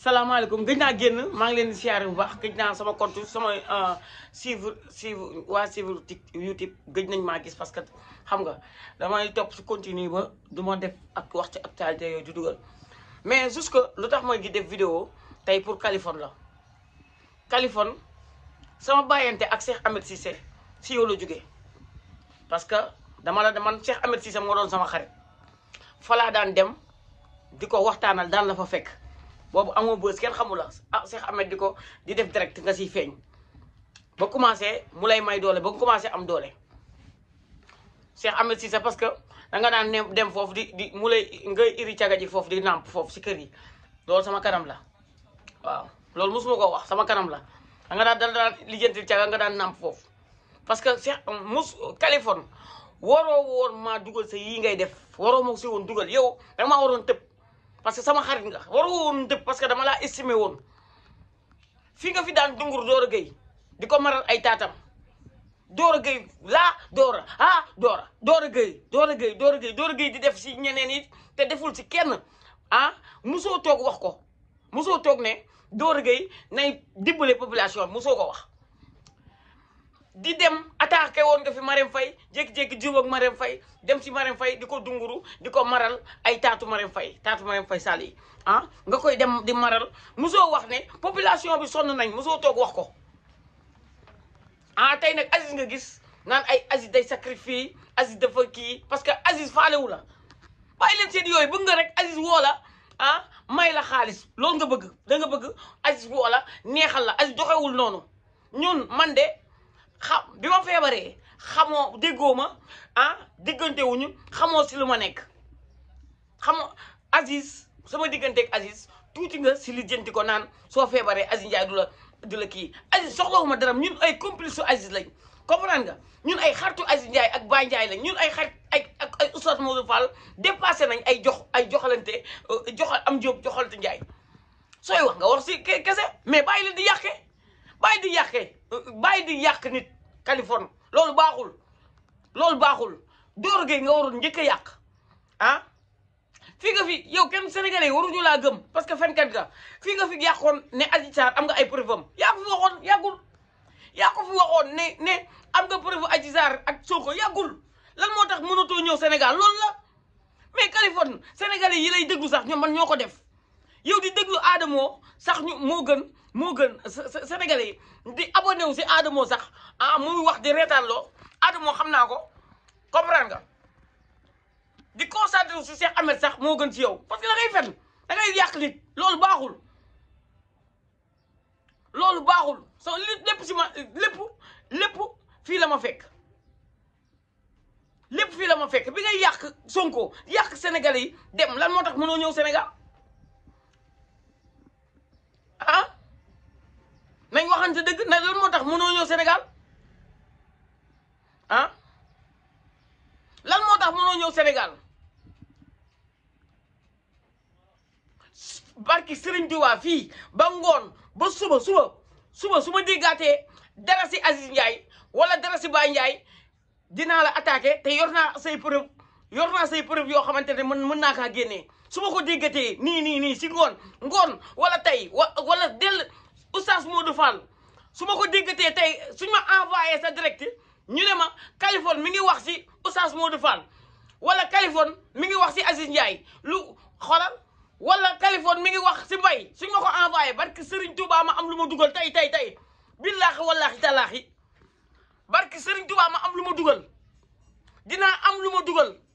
salaamaaleykum gëj naa génn maa ngi leen di siyaare bu baax gëj naa sama compte sama euh, suivre suivre waa suivre tik youtube gëj nañ maa gis parce que xam nga damay topp si continue ba du ma def ak wax ci actualité yooyu di dugal mais jusque lu tax mooy gi def vidéo tey pour Kaliphone la Kaliphone sama bàyyante ak Cheikh Ahmed Cissé si yow la jógee parce que dama la man Cheikh Ahmed Cissé moo doon sama xarit falaa daan dem di ko waxtaanal daan la fa fekk bobu amo bës kenn xamula ah Cheikh Ahmed di di def direct nga si feñ ba commencé mu lay may doole ba commencé am doole Cheikh Ahmed si c'est parce que nga nan dem foofu di di mu lay iri caga ji foofu di namp foofu ci kër yi sama kanam la waaw loolu mosuma ko wax sama kanam la danga daan daan daan lijjanti caga nga dan namp foofu parce que Cheikh mus Californie woro wor ma dugal sa yi ngay def woro mo ci won dugal yow dama waron tepp parce que sama xarit nga parce que dama la estimé won fi nga fi daan dungur dora Gueye diko maral ay tatam Dora Gay, la Dora ah Dora dora Gueye dora Gueye dora Gueye dora Gueye di def ci ñeneen yi te deful ci kenn ah musoo tok wax ko musoo tok ne dora Gueye nay dimbale population musoo ko wax di dem attaqué woon nga fi Marème Faye jékki-jékki jiw ak dem si Marème Faye di ko dunguru di ko maral ay taatu Marème Faye taatu Marème fay Sall yi ah nga koy dem di maral mosoo wax ne population bi sonn nañ mosoo toog wax ko ah tey nag Aziz nga gis naan ay Aziz day sacrifice Aziz dafa kii parce que Aziz faalewu la bàyyi leen seen yooyu bëgg nga rek Aziz woo ah may la xaalis loolu nga bëgg danga bëgg Aziz woo neexal la Aziz doxewul noonu ñun man de. xam bi ma feebaree xamoo déggoo ma ah diggante wuñu xamoo si lu ma nekk xamoo Aziz sama diggante ak Aziz tuuti nga si li jënti ko naan soo feebaree Aziz Ndiaye du la du la kii Aziz soxlawuma dara ñun ay complice su Aziz lañ comprendre nga ñun ay xaritu Aziz Ndiaye ak Ba Ndiaye lañ ñun ay xarit ay ak ay Oustaz Modou Fall dépassé nañ ay jox ay joxalante euh, joxal am jóob joxalante njaay sooy wax nga wax si kese mais baay la di yàqee bàyyi di yàqee bàyyi di yàq nit Californie loolu baaxul loolu baaxul Doro Gueye nga waroon njëkk a yàq ah fi nga fi yow kenn sénégalais yi waruñu laa gëm parce que fenkat ga fii nga fi yàqoon ne Adji Sarr am nga ay preuve am yaa ko fi waxoon waxoon ne ne am nga preuve Adji Sarr ak Sonko yàggul lan moo tax mënatoo ñëw Sénégal loolu la mais Californie sénégalais yi lay déglu sax ñoom man ñoo ko def yow di déglu Adamo sax moo gën moo Sénégalais yi di à wu si Adamo sax ah muy wax di reetaan loo Adamo Des naa nga di concentré wu Cheikh Ahmed sax gën ci yow parce que da ngay fen da ngay yàq nit loolu baaxul loolu baaxul les lépp si ma les lépp fii ma fekk lépp fii la il fekk bi ngay il Sonko a Sénégalais yi dem lan moo tax ñëw Sénégal waxante dëgg na moo tax mënoo ñëw Sénégal ah lan moo tax mënoo ñëw Sénégal barki Serigne Touba fii ba ngoon ba suba suba suba su ma déggaatee dara si Aziz Ndiaye wala dara si Baye Ndiaye dinaa la attaqué te yor naa say preuve yor naa say preuve yoo xamante ne mën mën naa kaa génnee su ma ko déggatee nii nii nii si ngoon ngoon wala tey wa wala dell oustaz Modou Fall su ma ko déggatee tey suñ ma envoyé sa direct ñu ne ma Kaliphone mi ngi wax si Oustaz Modou Fall wala Kaliphone mi ngi wax si Aziz Ndiaye lu xolal wala Kaliphone mi ngi wax si Mbaye suñ ma ko envoyé barki Serigne Touba ma am lu ma dugal tey tey tey billaahi wallaahi talaahi barki Serigne Touba ma am lu ma dugal dinaa am lu ma dugal